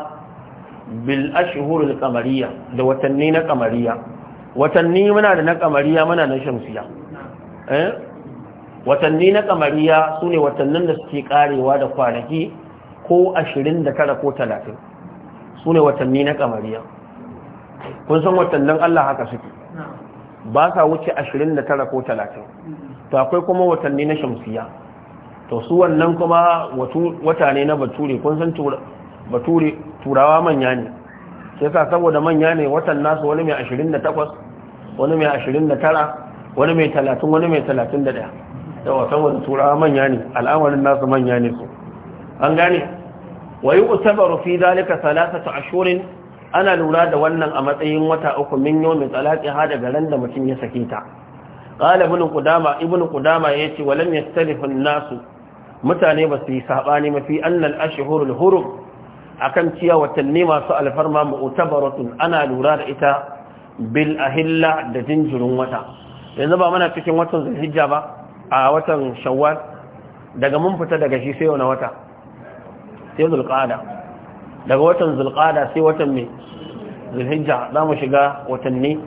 bil ashhurul qamariyya da watanni na qamariyya watanni muna da na kamariya muna na shamsiyya Eh? watanni na kamariya su ne watannin da suke karewa da kwanaki ko 29 ko 30 su ne watanni na kamariya kun san watannin Allah haka suke ba sa wuce 29 ko 30 mm-hmm. to akwai kuma watanni na shamsiya to su wannan kuma wata ne na bature kun san bature turawa manya ne sai sa saboda manya ne watan nasu wani mai 28 wani mai 29 wani mai talatin wani mai talatin da ɗaya yawa saboda turawa manya ne al'amarin nasu manya ne su an gane wayi utabaru fi zalika salasatu ashurin ana lura da wannan a matsayin wata uku min yomin mai ha daga ran da mutum ya sake ta qala ibn qudama ibn qudama yace walam yastalifu nasu mutane ba su yi sabani mafi annal ashhurul hurum akan ciya watanni masu alfarma mu'tabaratun ana lura da ita bil ahilla da jinjirin wata yanzu ba mana cikin watan zulhijja ba a watan shawwal daga mun fita daga shi sai wani wata sai zulqa'ada daga watan zulqa'ada sai watan mai zulhijja za mu shiga watanni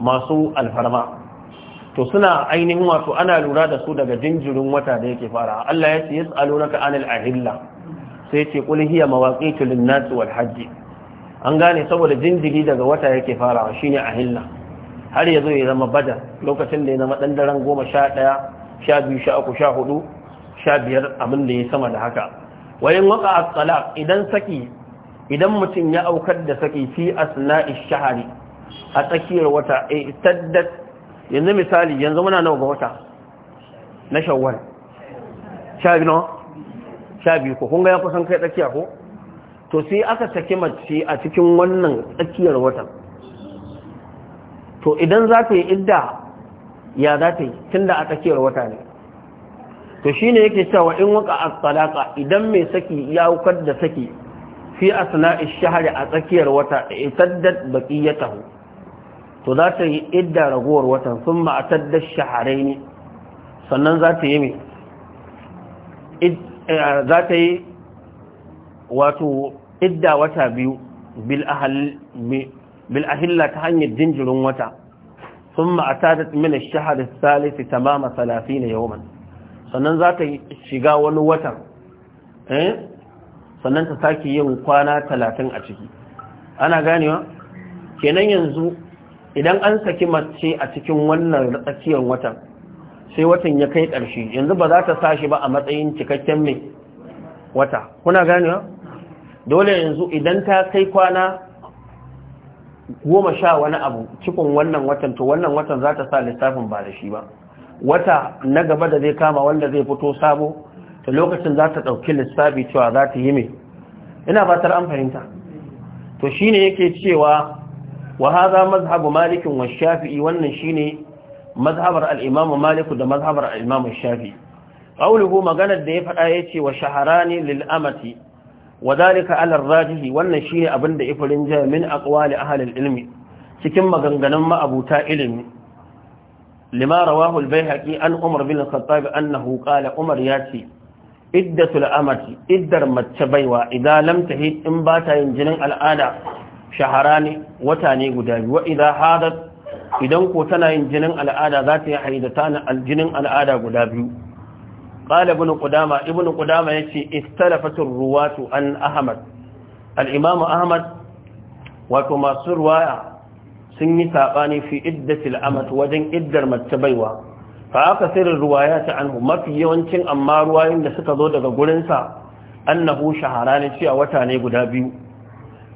masu alfarma to suna ainihin wato ana lura da su daga jinjirin wata da yake fara Allah ya ce yas'alunaka anil ahilla sai ce qul hiya mawaqitu lin-nas wal hajj an gane saboda jinjiri daga wata yake farawa shine ahilla har ya zo ya zama badar lokacin da ya zama ɗan daren goma sha ɗaya sha biyu sha uku sha hudu sha biyar abin da ya sama da haka wayan waka a tsala idan saki idan mutum ya aukar da saki fi asna ishahari a tsakiyar wata a eh, taddat yanzu misali yanzu muna nawa ga wata na shawwal sha biyu nawa sha biyu ko kun ga ya kusan kai tsakiya ko to sai aka saki mace a cikin wannan tsakiyar watan to idan za ta yi idda ya za ta yi tunda a tsakiyar wata ne to shi ne yake cewa in waka a salaqa idan mai saki ya wukar da saki fi asna'i shahari a tsakiyar wata baki ya taho, to za ta yi idda ragowar watan taddar atadda ne sannan za ta yi mai eh, za ta yi wato idda wata biyu bil ahl bil ahilla ta hanyar jinjirin wata ثم أتادت من ta الثالث تمام 30 يوما sannan za ta shiga wani watan eh? sannan ta sake yin kwana talatin a ciki ana ganewa kenan yanzu idan an saki mace a cikin wannan tsakiyar watan sai watan ya kai ƙarshe yanzu ba za ta sashi ba a matsayin cikakken mai wata kuna ganewa dole yanzu idan ta kai kwana goma sha wani abu cikin wannan watan to wannan watan za ta sa lissafin ba da shi ba wata na gaba da zai kama wanda zai fito sabo ta lokacin za ta ɗauki lissafi cewa za ta yi mai ina fatar an fahimta to shi ne yake cewa wa haza mazhabu malikin wa shafi'i wannan shi ne mazhabar al'imamu maliku da mazhabar al'imamu shafi'i ƙauluhu maganar da ya faɗa ya ce wa shaharani lil'amati wa zalika ala rajihi wannan shine abin da ifirin jami min aqwali ahli ilmi cikin maganganun ma'abuta ilimi lima rawahu al an umar bin al-khattab annahu qala umar yati iddatul amati iddar mace baiwa idan lam tahid in ba ta yin jinin al'ada shaharani wata ne guda biyu wa idan hadat idan ko tana yin jinin al'ada za ta yi haidata na jinin al'ada guda biyu qala ibn qudama ibn qudama yace istalafatu ruwatu an ahmad al imam ahmad wa kuma surwaya sun yi sabani fi iddati al amat wajen iddar mace baiwa fa aka sir ruwayat anhu mafi yawancin amma ruwayoyin da suka zo daga gurin sa annahu shaharani a wata ne guda biyu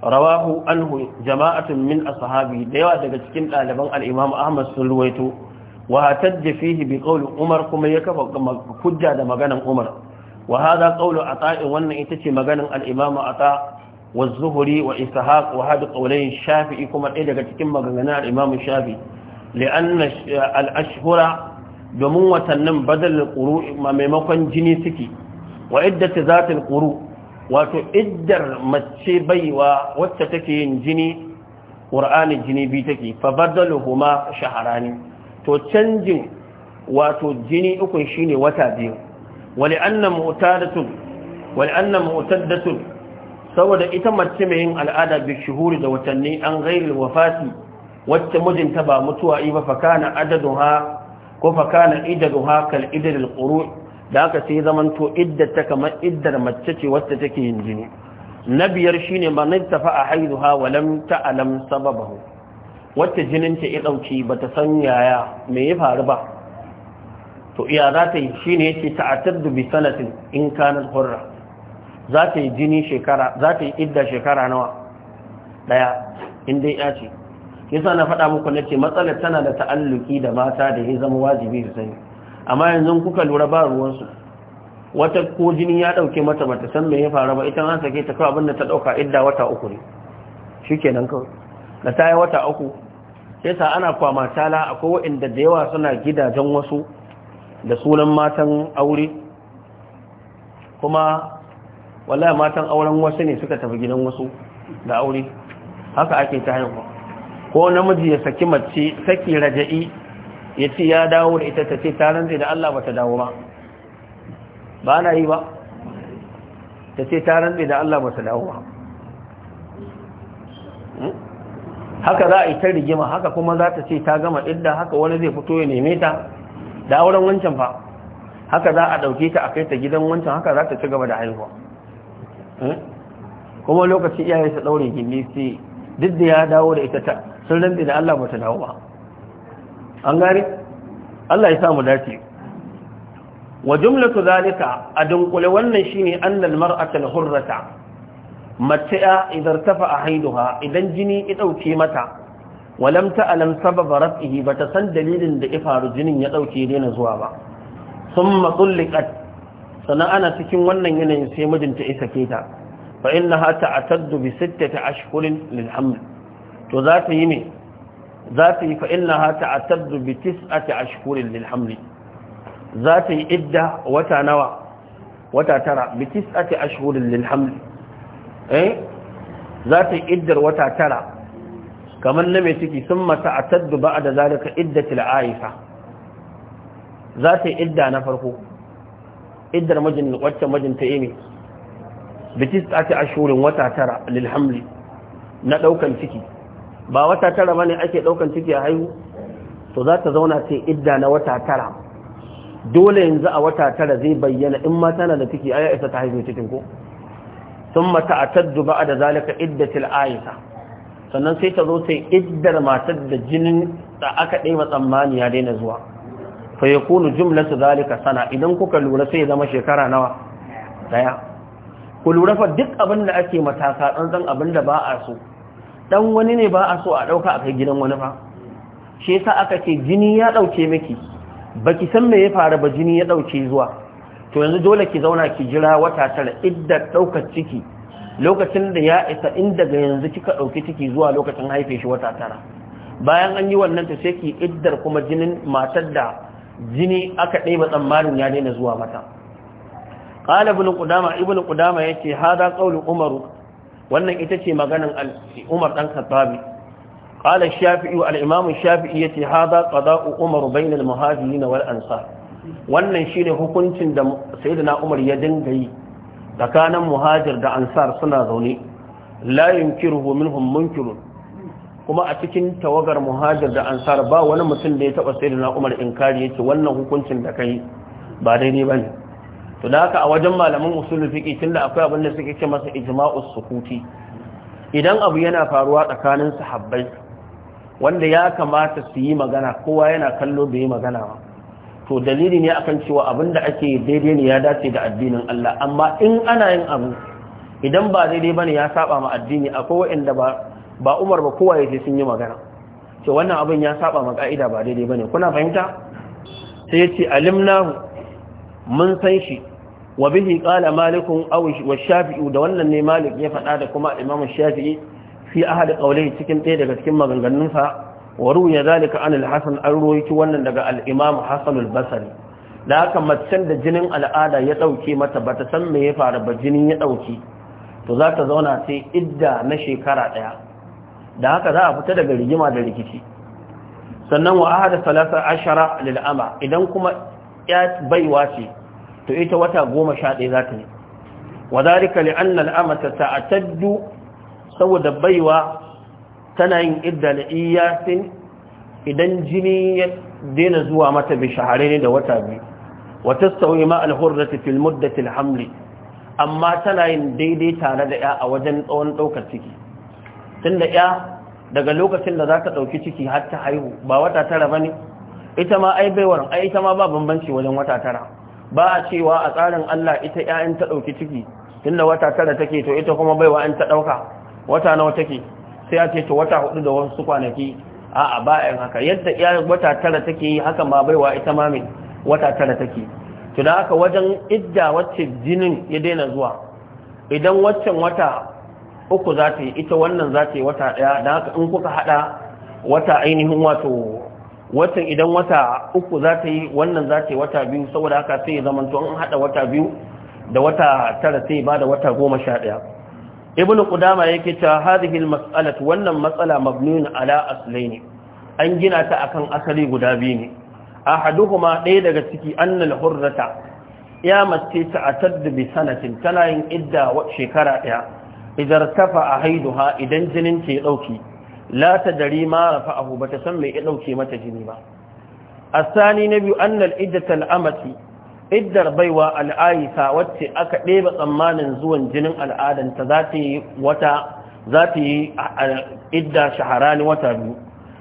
rawahu anhu jama'atun min ashabi da yawa daga cikin ɗaliban al'imam ahmad sun ruwaito wa hatajja fihi bi qawli umar kuma ya kafa hujja da maganan umar wa hada qawlu ata wannan ita ce maganan al-imam ata wa az-zuhri wa ishaq wa hada qawlayn shafi'i kuma ɗaya daga cikin maganganun al-imam shafi li'anna al-ashhura domin watannin badal al maimakon jini suke wa iddat zat wato iddar mace baiwa wacce take yin jini qur'ani jini biyu take fa badaluhuma shaharani to canjin wato jini ukun shine wata biyu wani anna mu'tadatun wali anna saboda ita mace mai yin al'ada bi shuhuri da watanni an ghairil wafati wacce mijinta ba mutuwa yi ba fakana ha, ko fakana idaduha kal idadil quru da aka sai zamanto iddata kamar iddar mace ce wacce take yin jini na biyar shine man a haiduha wa lam ta'lam sababahu wacce ta ya ɗauki ba ta san yaya me ya faru ba to iya za ta yi shi ne ya ce ta'atar da sanatin, in kanar hurra za ta yi jini shekara za ta yi idda shekara nawa ɗaya inda ya ce yasa na faɗa muku na ce matsalar tana da ta'alluki da mata da ya zama wajibi su sani amma yanzu kuka lura ba ruwansu wata ko jini ya ɗauke mata bata san me ya faru ba ita an sake ta kawai abinda ta ɗauka idda wata uku ne shikenan kawai da ta yi wata uku sai sa ana kwama tala akwai waɗanda da yawa suna gidajen wasu da sunan matan aure kuma wallahi matan auren wasu ne suka tafi gidan wasu da aure haka ake ta haihuwa ko namiji ya saki mace saki raja'i ya ce ya dawo da ita ta ce ta ranzai da Allah ba ta dawo ba ba na yi ba ta ce ta ranzai da Allah ba ta dawo ba hmm? haka za a yi ta rigima haka kuma za ta ce ta gama idda haka wani zai fito ya neme ta da auren wancan fa haka za a ɗauke ta a kai ta gidan wancan haka za ta ci gaba da haihuwa hmm? kuma lokacin iyaye su ɗaure gindi sai duk da ya dawo da ita ta sun rantsi da Allah ba ta dawo ba an gari Allah ya samu dace wa jumlatu zalika a dunkule wannan shine annal mar'atul hurrata mat'a idan tafa haiduha idan jini ya dauke mata walamta ta'lam sababa raf'ihi ta san dalilin da ya faru jinin ya ɗauke daina zuwa ba thumma tulliqat sannan ana cikin wannan yanayin sai mijinta ya sake ta fa innaha ta'taddu bi sittati ashhurin lil haml to za ta yi me za ta yi fa innaha ta'taddu bi tis'ati ashhurin lil haml za ta yi idda wata nawa wata tara bi tis'ati ashhurin lil haml eh za ta yi iddar wata tara kamar na mai ciki sun mata a taddu ba da zalika iddatil aisha za ta yi idda na farko iddar majin wacce majin ta yi bitis ta ce ashurin wata tara lilhamli na daukan ciki ba wata tara ne ake daukan ciki a haihu to za ta zauna ce idda na wata tara dole yanzu a wata tara zai bayyana in ma tana da ciki a ya isa ta haihu cikin ko thumma a da zalika iddatil ayata sannan sai ta zo sai iddar matar da jinin da aka daima tsammani ya daina zuwa fa yakunu jumlatu zalika sana idan kuka lura sai zama shekara nawa daya ku lura fa duk abin da ake matasa tsantsan abin da ba a so dan wani ne ba a so a ɗauka a kai gidan wani fa shi yasa aka ce jini ya ɗauke miki baki san me ya faru ba jini ya ɗauke zuwa to yanzu dole ki zauna ki jira wata tara idda ɗaukar ciki lokacin da ya isa inda ga yanzu kika ɗauki ciki zuwa lokacin haife shi wata tara bayan an yi wannan ta sai ki iddar kuma jinin matar da jini aka ɗaiba tsammanin ya daina zuwa mata qala ibn qudama ibn qudama yace hada qawlu umar wannan ita ce maganan umar dan khattabi qala shafi'i al-imam shafi'i yace hada qada'u umar bainal muhajirin wal ansar wannan shine hukuncin da sayyidina Umar ya dinga yi tsakanin muhajir da ansar suna zaune la yunkiruhu minhum munkirun kuma a cikin tawagar muhajir da ansar ba wani mutum da ya taba sayyidina Umar inkari yace wannan hukuncin da kai ba daidai bane to da haka a wajen malaman usulul fiqh tunda akwai abin da suke ce masa ijma'us sukuti idan abu yana faruwa tsakanin sahabbai wanda ya kamata su yi magana kowa yana kallo bai yi magana ba to dalili ne akan cewa abin da ake daidai ne ya dace da addinin Allah amma in ana yin abu idan ba daidai bane ya saba ma addini akwai wanda ba ba Umar ba kowa yake sun yi magana to wannan abin ya saba ma kaida ba daidai bane kuna fahimta sai yace alimna mun san shi wa bihi qala malikun aw wa shafi'i da wannan ne malik ya faɗa da kuma imamu shafi'i fi ahad qawlihi cikin ɗaya daga cikin maganganunsa waru ya zalika an al an royiki wannan daga alimam imam hasan da haka macen da jinin al'ada ya ɗauke mata bata san me ya faru ba jinin ya ɗauke. to za ta zauna sai idda na shekara ɗaya. da haka za a fita daga rigima da rikici sannan wa ahada salasa ashara lil idan kuma ya baiwa ce to ita wata goma sha ɗaya za ta yi wa zalika li anna al ta'taddu saboda baiwa tana yin idda na iyasin idan jini ya daina zuwa mata bi shahare ne da wata biyu wata sauyi ma alhurrati fil muddatil hamli amma tana yin daidai tare da ya a wajen tsawon ɗaukar ciki tunda ya daga lokacin da za ta ɗauki ciki har ta haihu ba wata tara ba ita ma ai baiwar ai ita ma ba bambanci wajen wata tara ba a cewa a tsarin Allah ita 'ya'yan ta ɗauki ciki tunda wata tara take to ita kuma baiwa an ta ɗauka wata nawa take sai a ce to wata hudu da wasu kwanaki a'a ba a haka yadda ya wata tara take yi haka ma baiwa ita ma mai wata tara take to da haka wajen idda wacce jinin ya daina zuwa idan waccan wata uku za ta yi ita wannan za ta yi wata daya da haka in kuka hada wata ainihin wato watan idan wata uku za ta yi wannan za ta yi wata biyu saboda haka sai ya zamanto an hada wata biyu da wata tara sai ba da wata goma sha daya ibn qudama yake cewa hadhihi almas'alatu wannan matsala mabnun ala aslaini an gina ta akan asali guda biyu ne ahaduhuma ɗaya daga ciki annal hurrata ya mace ta ataddu bi sanatin tana yin idda shekara ɗaya idan tafa a haiduha idan jinin ta ya dauki la tadri ma abu bata san me ya dauke mata jini ba asani na biyu annal iddatal amati iddar baiwa al'aisa wacce aka ɗeba tsammanin zuwan jinin al'adanta za ta yi wata za ta yi idda shaharani wata biyu